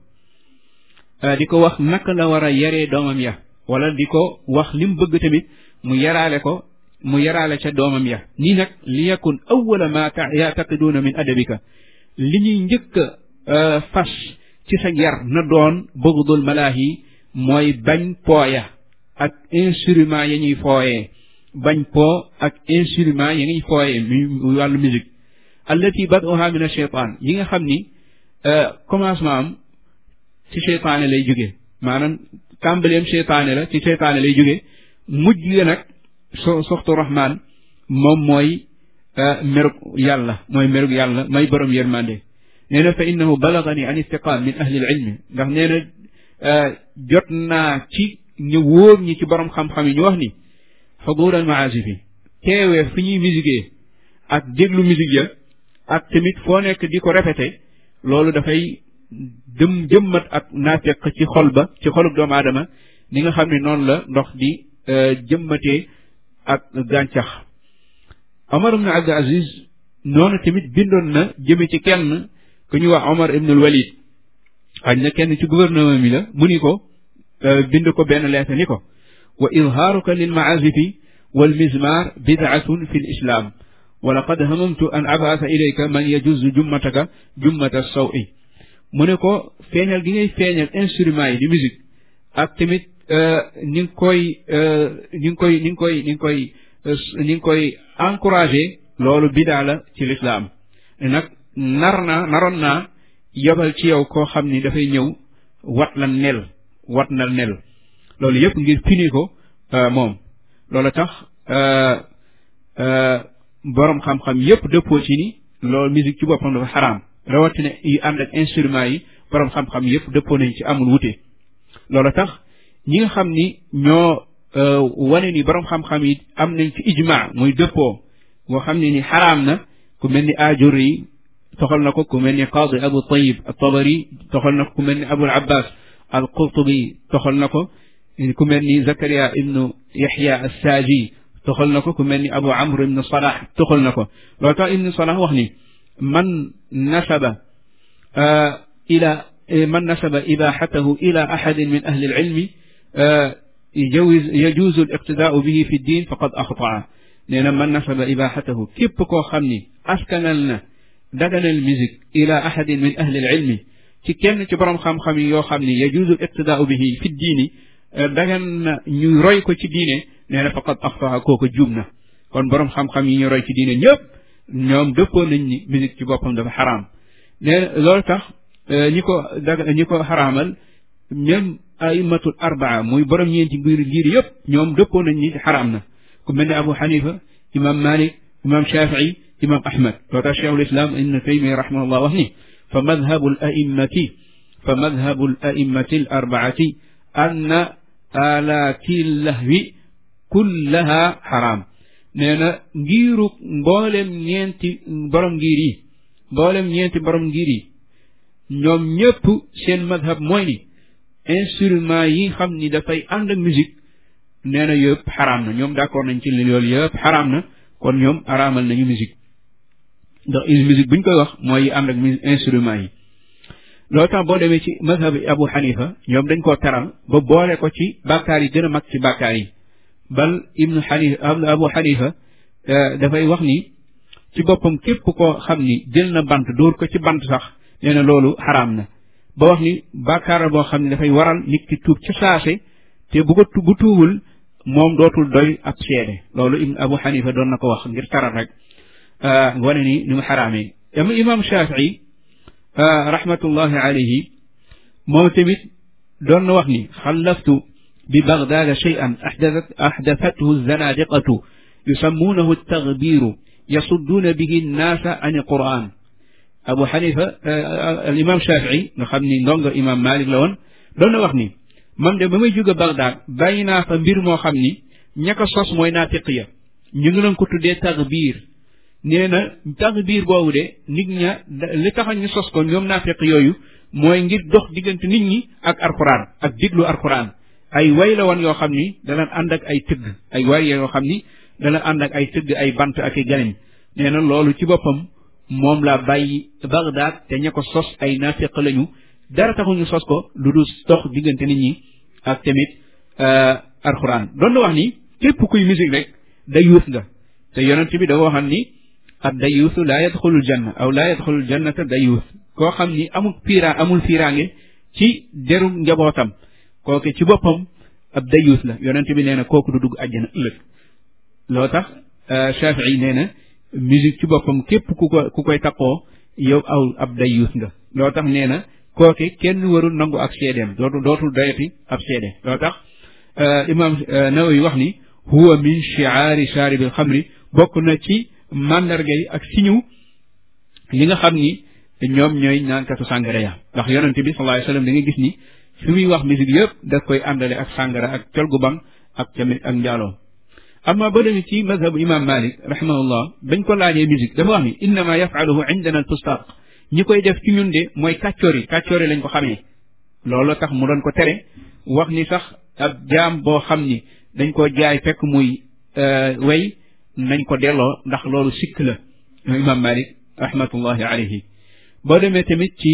di ko wax naka la war a yaree doomam ya wala di ko wax li mu bëgg tamit mu yaraale ko mu yaraale ca doomam ya nii nag li yakun awwala ma yaataqiduuna min adabika li ñuy njëkk a euh, fas ci sa yar na doon bëgdul malaahi mooy bañ pooya ak instrument ya ñuy fooyee bañ poo ak instrument ya ñuy fooyee mu wàllu musique allati baduha min asheytaan yi nga xam ni euh, commencement am ci seytaane lay jóge maanaam tàmbaleem seytaane la ci seytaane lay jóge mujj ga nag so soxtu rahmaan moom mooy euh, merug yàlla mooy merug yàlla may borom yërmande nee na fa innahu balagani an istiqaam min ahli ilmi ndax nee na euh, jot naa ci ñu wóor ñi ci borom xam-xam yi ñu wax ni xudural maasif yi teewee fi ñuy musique ak déglu musique ya ak tamit foo nekk di ko répété loolu dafay dëm jëmmat ak naafeq ci xol ba ci xolub doomu aadama ni nga xam ne noonu la ndox di euh, jëmmatee ak gàncax Omar ibn Abdul Aziz noonu tamit bindoon na jëme ci kenn ku ñuy wax Omar ibnul Walid xañ na kenn ci gouvernement mi la mu ni ko euh, bind ko benn leeta ni ko wa izhaaruka lil maazifi wal mizmaar bidaatun fi l islaam wa laqad hamamtu an abaasa ilayka man yajuzu jummataka jummata sawi mu ne ko feeñal gi ngay feeñal instruments yi di musique ak tamit ni euh, nga koy ni euh, nga koy ni nga koy ni nga koy ni euh, nga koy encouragé loolu bidaa la ci lislaam nag nar naa naroon naa yobal ci yow koo xam ni dafay ñëw wat la nel wat na nel loolu yëpp ngir pini ko moom loolu tax boroom xam-xam yëpp dëppoo ci ni loolu musique ci boppam dafa xaraam rawatina yu ànd ak instruments yi boroom xam-xam yëpp dëppoo nañ ci amul wute loolu tax ñi nga xam ni ñoo euh, wane ni borom xam-xam yi am nañ ci ijma muy dëppoo moo xam ne ni xaraam na ku mel ni ajur yi toxal na ko ku mel ni qaadi abu tayib at-tabari toxal na ko ku mel ni abul abbas al-qurtubi toxal na ko ku mel ni zakaria ibnu yaxya as-saaji toxal na ko ku mel ni abu amr ibnu salah toxal na ko loolu tax ibnu salah wax ni man nasaba euh, ila eh, man nasaba ibahatahu ila ahadin min ahli al-ilmi yajuuz yajuuzu al iqtidaau bihi fi diin faqad axtaa nee na man nasaba ibaaxatahu képp koo xam ni askanal na daganal musique ila ahadin min ahli al ilmi ci kenn ci borom xam-xam yi yoo xam ni yajuuzu al iqtidaau bihi fi diini dagan na ñu roy ko ci diine nee na faqad axtaa kooku juum na kon borom xam-xam yi ñu roy ci diine ñëpp ñoom dëppoo nañ ni musique ci boppam dafa xaraam nee na loolu tax ñi ko dag ñi ko xaraamal même aimatul arbaa muy borom ñeenti biir ngir yëpp ñoom dëppoo nañ ni xaraam na ku mel ne Abu Xanifa imaam Malik imaam Shafii imaam Ahmad loo tax cheikhul islam ibn Taymiya rahimahullah wax ni fa madhabu al aimmati fa madhabu al aimmati al arbaati anna alaati lahwi kullaha xaraam nee na ngiiru mboolem ñeenti borom ngir yi mboolem ñeenti borom ngir yi ñoom ñëpp seen madhab mooy ni instrument yi xam ni dafay ànd ak musique nee na yëpp xaraam na ñoom d'accord nañ ci loolu yëpp xaraam na kon ñoom araamal nañu musique ndax buñ koy wax mooy yi ànd instrument yi loolu tax boo demee ci mazhab Abu Hanifa ñoom dañ koo taral ba boole ko ci bàkkaar yi gën a mag ci bàkkaar yi bal ibnu Hanifa Abu Hanifa euh, dafay wax ni ci boppam képp ko xam ni jël na bant dóor ko ci bant sax nee loolu xaraam na ba wax ni bàkkaar la boo xam ne dafay waral nit ki tuub ca saase te bu ko bu tuubul moom dootul doy ab seede loolu ibn abu xanifa doon na ko wax ngir taral rek ah, wane ni ni mu xaraamee ama imam shafii ah, rahmatullahi alayhi moom tamit doon na wax ni xallaftu bi bagdada cheyan axdaat axdathathu zanadiqatu yusammuunahu taxbiru yasudduuna bihi nnaasa an alquran abu xanifa al euh, euh, imam shafii nga xam ni ndongo imam malik la woon doon na wax ni man de ba may jóge Bagdaad bàyyi naa fa mbir moo xam ni ña ko sos mooy naafiq ya ñu ngi doon ko tuddee taxbiir nee na taxbiir boobu de nit ña li tax ñu sos ko ñoom naafiq yooyu mooy ngir dox diggante nit ñi ak alxuraan ak diglu alxuraan ay way la woon yoo xam ni dana ànd ak ay tëgg ay way yoo xam ni dana ànd ak ay tëgg ay bant ak i galañ nee na loolu ci boppam moom laa bàyyi Bagdad te ña ko sos ay naafiq lañu dara taxuñu sos ko lu dul dox diggante ni ñi ak tamit euh, alxuraan doon na wax ni képp kuy musique rek dayuus nga te yonent bi dafa waxam ni ad dayuusu laa yadxulul janna aw laa yadxulul jannata dayuus amul fiiraa amul fiiraange ci derum njabootam kooke ci boppam ab dayuus la yonent bi nee na kooku du dugg àjjana ëllëg loo tax euh, Shafii nee na musique ci boppam képp ku ko ku koy takkoo yow aw ab dayuus nga loo tax nee na kooki kenn warul nangu ak seedeem dootul dootul dayati ab seede loo tax euh, imaam euh, Nawawi wax ni huwa min shiaari shaaribil xamri bokk na ci mandarga yi ak siñu li nga xam ni ñoom ñooy naankatu sàngara ya ndax yonente bi sallallahu alayhi wasallam da nga gis ni fi muy wax musique yëpp da koy àndale ak sàngara ak col gu bam ak tamit ak njaaloo amma boo demee ci mazhabu imam malik rahimahullah bañ ko laajee musique dafa wax ni innama yafaluhu indana al fustaq ñi koy def ci mooy kàccoor yi kàccoor lañ ko xamee looloo tax mu doon ko tere wax ni sax ab jaam boo xam ni dañ ko jaay fekk muy euh, way nañ ko delloo ndax loolu sikk la imam malik rahmatullahi alayhi boo demee tamit ci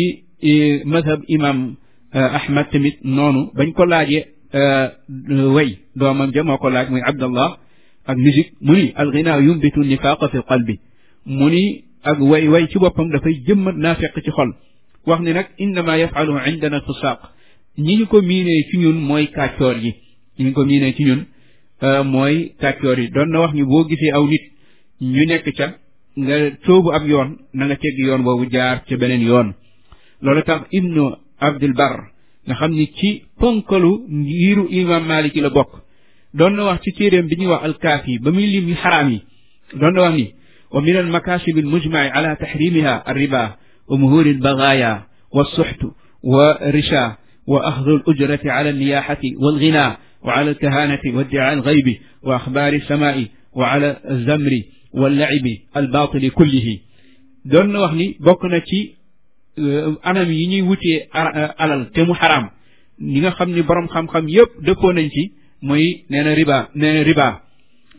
mazhab imam euh, ahmad tamit noonu bañ ko laaje euh, way doomam ja moo ko laaj muy abdallah ak musique mu ni alxinaa yumbitu nifaaqa fi qalbi mu ni ak way way ci boppam dafay jëmmat naafeq ci xol wax ni nag innama yafalu indana fusaaq ñi ñu ko miinee ci ñun mooy kàccoor yi ñu ko miinee ci ñun euh, mooy kàccoor yi doon na wax ni boo gisee aw nit ñu nekk ca nga sóobu ab yoon na nga tegg yoon boobu jaar ca beneen yoon loolu tax ibnu abdul nga xam ni ci ponkalu ngiiru imam maliki la bokk doon na wax ci téeréem bi ñuy wax alkaafi ba muy lim yu xaraam yi doon na wax ni wa min al makasib al mujmaci ala taxrimiha al riba wa muhuri al bagaaya wa suxtu wa risha wa axdu al ujrati ala al niyaxati wa al gina wa ala al kahanati wa iddia al gaybi wa axbaari samaai wa ala al zamri wa al lacibi al baatili kullihi doon na wax ni bokk na ci euh, anam yi ñuy wutee alal te mu xaraam ñi nga xam ni boroom xam-xam yépp dëppoo nañ ci muy nee na riba nee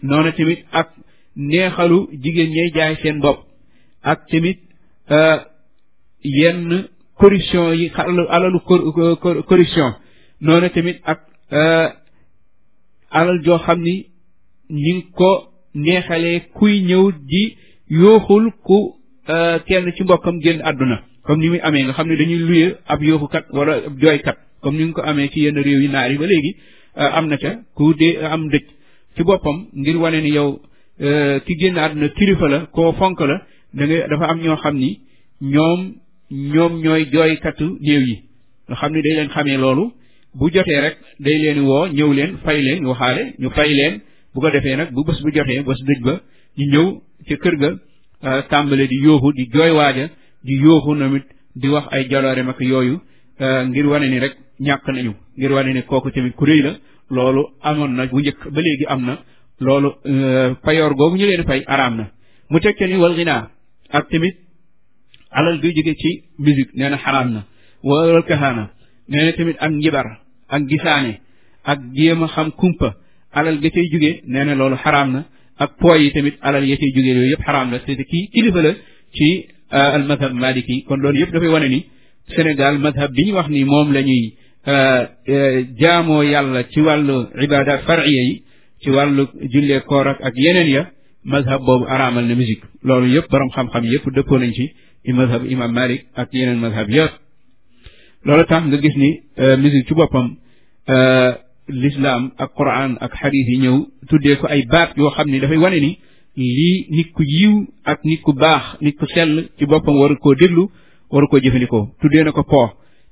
na tamit ak neexalu jigéen ñay jaay seen bopp ak tamit euh, yenn corruption yi alalu corruption noonu tamit ak euh, alal joo xam ni ñi ngi ko neexalee kuy ñëw di yooxul ku euh, kenn ci mbokkam génn àdduna comme ni muy amee nga xam ne dañuy luye ab yooxukat wala ab jooykat comme ni nga ko amee ci yenn réew yi naar yi ba léegi Euh, am na ca ku dee euh, am dëj ci boppam ngir wane ni yow euh, ki génn àdduna kilifa la koo fonk la dangay dafa am ñoo xam ni ñoom ñoom ñooy jooykatu néew yi nga xam ni day leen xamee loolu bu jotee rek day leen woo ñëw leen fay leen waxaale ñu fay leen bu ko defee nag bu bés bu jotee bés dëj ba ñu ñëw ca kër ga tàmbale di yooxu di jooy waaja di yooxu namit di wax ay jaloore mak yooyu ngir wane ni rek ñàkk nañu ngir wane ne kooku tamit ku rëy la loolu amoon na bu njëkk ba léegi am na loolu euh, payoor googu ñu leen fay araam na mu teg ca ni wal ginaa ak tamit jóge ci musique nee na xaraam na wal kahaana nee na ak njibar ak gisaane ak jéem a xam kumpa alal ga cay jóge nee na loolu xaraam na ak pooy yi tamit alal ya cay jóge yooyu yëpp xaraam la c'est kii kilifa la ci euh, al madhab maliki kon loolu yëpp dafay wane ni Sénégal madhab bi wax ni moom lañuy Euh, euh, jaamoo yàlla ci wàllu ibadat fariya yi ci wàllu jullee koor ak yeneen ya mazhab boobu araamal na musique loolu yëpp borom xam-xam yëpp dëppoo nañ ci i mazhab imam malik ak yeneen mazhab yëpp loolu tax nga gis ni euh, musique ci boppam l'islam ak quran ak xadiis yi ñëw tuddee ko ay baat yoo xam ni dafay wane ni lii nit ku yiw ak nit ku baax nit ku sell ci boppam waru koo déglu waru koo jëfandikoo tuddee na ko po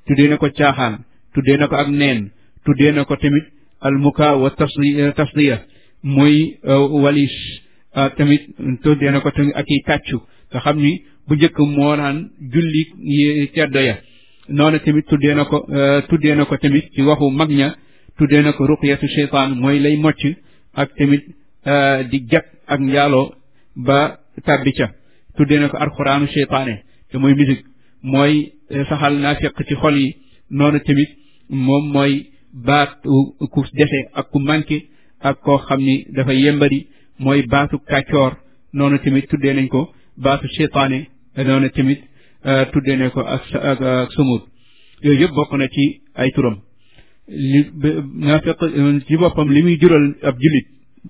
tuddee na ko caaxaan tuddee na ko ak neen tuddee na ko tamit al muka wa tasdi eh, tasdiya muy eh, walis eh, tamit tuddee na ko tamit ak i kàccu nga xam ni bu njëkk moo naan julli ceddo ya noonu tamit tuddee na ko tuddee na ko tamit ci waxu mag ña tuddee na ko ruqyatu cheytaan mooy lay mocc ak tamit di jag ak njaaloo ba tàbbi ca tuddee na ko alxuraanu cheytaane te mooy musique mooy saxal naa ci xol yi noonu tamit moom mooy baatu ku dese ak ku manqué ak koo xam ni dafa yembari mooy baatu kàccoor noonu tamit tuddee nañ ko baatu seytaane noonu tamit euh, tuddee nañ ko ak ak sumud yooyu yëpp bokk na ci ay turam li ci boppam li muy jural ab jullit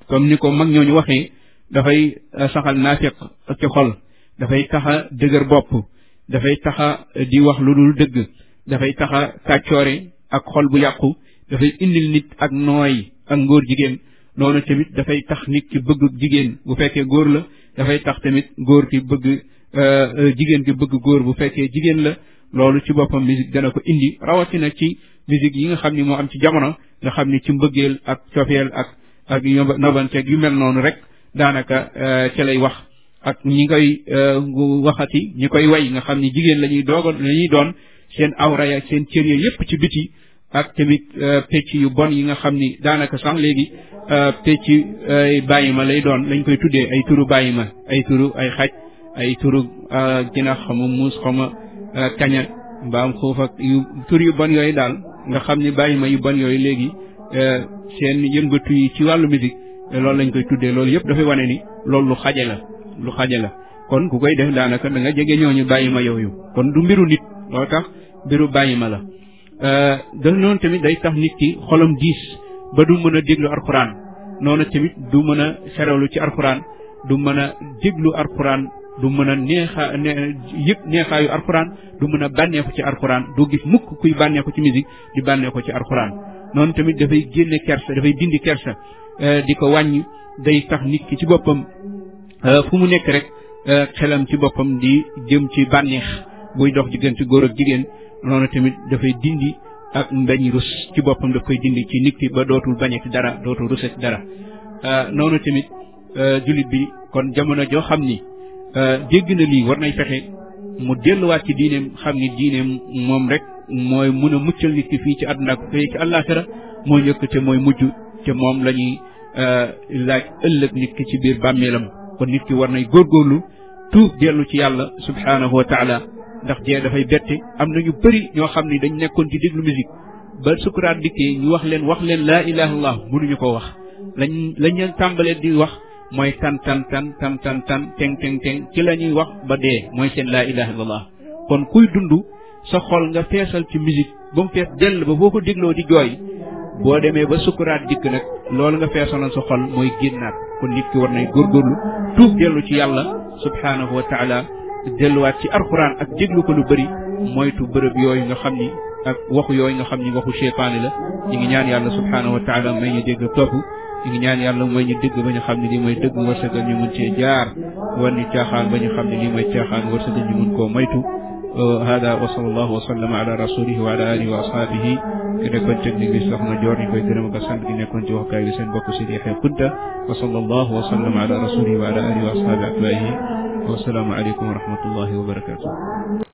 comme ni ko mag ñooñu waxee dafay euh, saxal naafeq ci xol dafay taxa dëgër bopp dafay taxa di wax lu dul dëgg dafay taxa kàccoore ak xol bu yàqu dafay indil nit ak nooy ak ngóor jigéen noonu tamit dafay tax nit ki bëgg jigéen bu fekkee góor la dafay tax tamit góor ki bëgg euh, euh, jigéen ki bëgg góor bu fekkee jigéen la loolu ci boppam musique dana ko indi rawatina ci musique yi nga xam ni moo am ci jamono nga xam ni ci mbëggeel ak cofeel ak ak nobanteeg yu mel noonu rek daanaka euh, ci lay wax ak ñi koy waxati ñi koy way nga xam ni jigéen la ñuy doogoon doon seen awra ya seen cër ya yépp ci biti ak tamit euh, pecc yu bon yi nga xam ni daanaka sax léegi euh, pecc euh, bàyyi ma lay doon lañ koy tuddee ay turu bàyyi ma ay turu ay xaj ay turu ginax xama muus xama kaña mbaam xuuf ak yu tur yu bon yooyu daal nga xam ni bàyyi ma yu bon yooyu léegi seen yëngatu yi ci wàllu musique loolu lañ koy tuddee loolu yëpp dafay wane ni loolu lu xaje la lu xaje la kon ku koy def daanaka da nga ñoo ñu bàyyi ma yooyu kon du mbiru nit loo tax mbiru bàyyi ma la Euh, dañ noonu tamit day tax nit ki xolam diis ba du mën a déglu alxuraan noonu tamit du mën a xerewlu ci alxuraan du mën a déglu alxuraan du mën a neexaa yëg neexaayu alxuraan du mën a bànneeku ci alxuraan du gis mukk kuy bànneeku ci musique di bànneeku ci alxuraan noonu tamit dafay génne kersa dafay dindi kersa euh, di ko wàññi day tax nit ki ci boppam euh, fu mu nekk rek xelam ci boppam di jëm ci bànneex buy dox ci góor ak jigéen noonu tamit dafay dindi ak mbañ rus ci boppam daf koy dindi ci nit ki ba dootul bañati dara dootul rusati dara euh, noonu tamit euh, jullit bi kon jamono joo xam ni euh, dégg na lii war nay fexe mu delluwaat ci diineem xam ni diineem moom rek mooy mun a muccal nit ki fii ci àdduna ak fee ci àllaaxira mooy njëkk te mooy mujj te moom lañuy ñuy laaj ëllëg nit ki ci biir bàmmeelam kon nit ki war nay góorgóorlu tuub dellu ci yàlla subhaanahu wa taala ndax jee dafay bette am na ñu bëri ñoo xam ni dañ nekkoon ci déglu musique ba sukuraat dikkee ñu wax leen wax leen laa ilaha illallah mënuñu ko wax lañ lañ leen tàmbalee di wax mooy tan tan tan tan tan tan teng ci la ñuy wax ba dee mooy seen laa ilaha kon kuy dund sa xol nga feesal ci musique ba mu fees dell ba boo ko dégloo di jooy boo demee ba sukkuraat dikk nag loolu nga feesaloon sa xol mooy génnaat kon nit ki war nay góorgóorlu tuub dellu ci yàlla subhaanahu wa taala delluwaat ci alxuraan ak déglu ko lu bëri moytu bërëb yooyu nga xam ni ak waxu yooyu nga xam ni waxu cheytaani la ñi ngi ñaan yàlla subhaanahu wa taala may ñu dégg topp ñi ngi ñaan yàlla ba ñu xam ne lii mooy dëgg wërsëgal ñu mun cee jaar wan ñu caaxaan ba ñu xam ne lii mooy caaxaan wërsëgal ñu koo moytu hada wa sallallahu wa sallama ala rasulihi wa ala alihi wa ashabihi ki nekkoon technique bi soxna joor ñu koy gërëm ak sant gi nekkoon ci waxkaay bi seen bokk si Yaxya Kunta wa sallallahu wa wa ala wasalaamualeykum wa rahmatullahi wa barakaatu.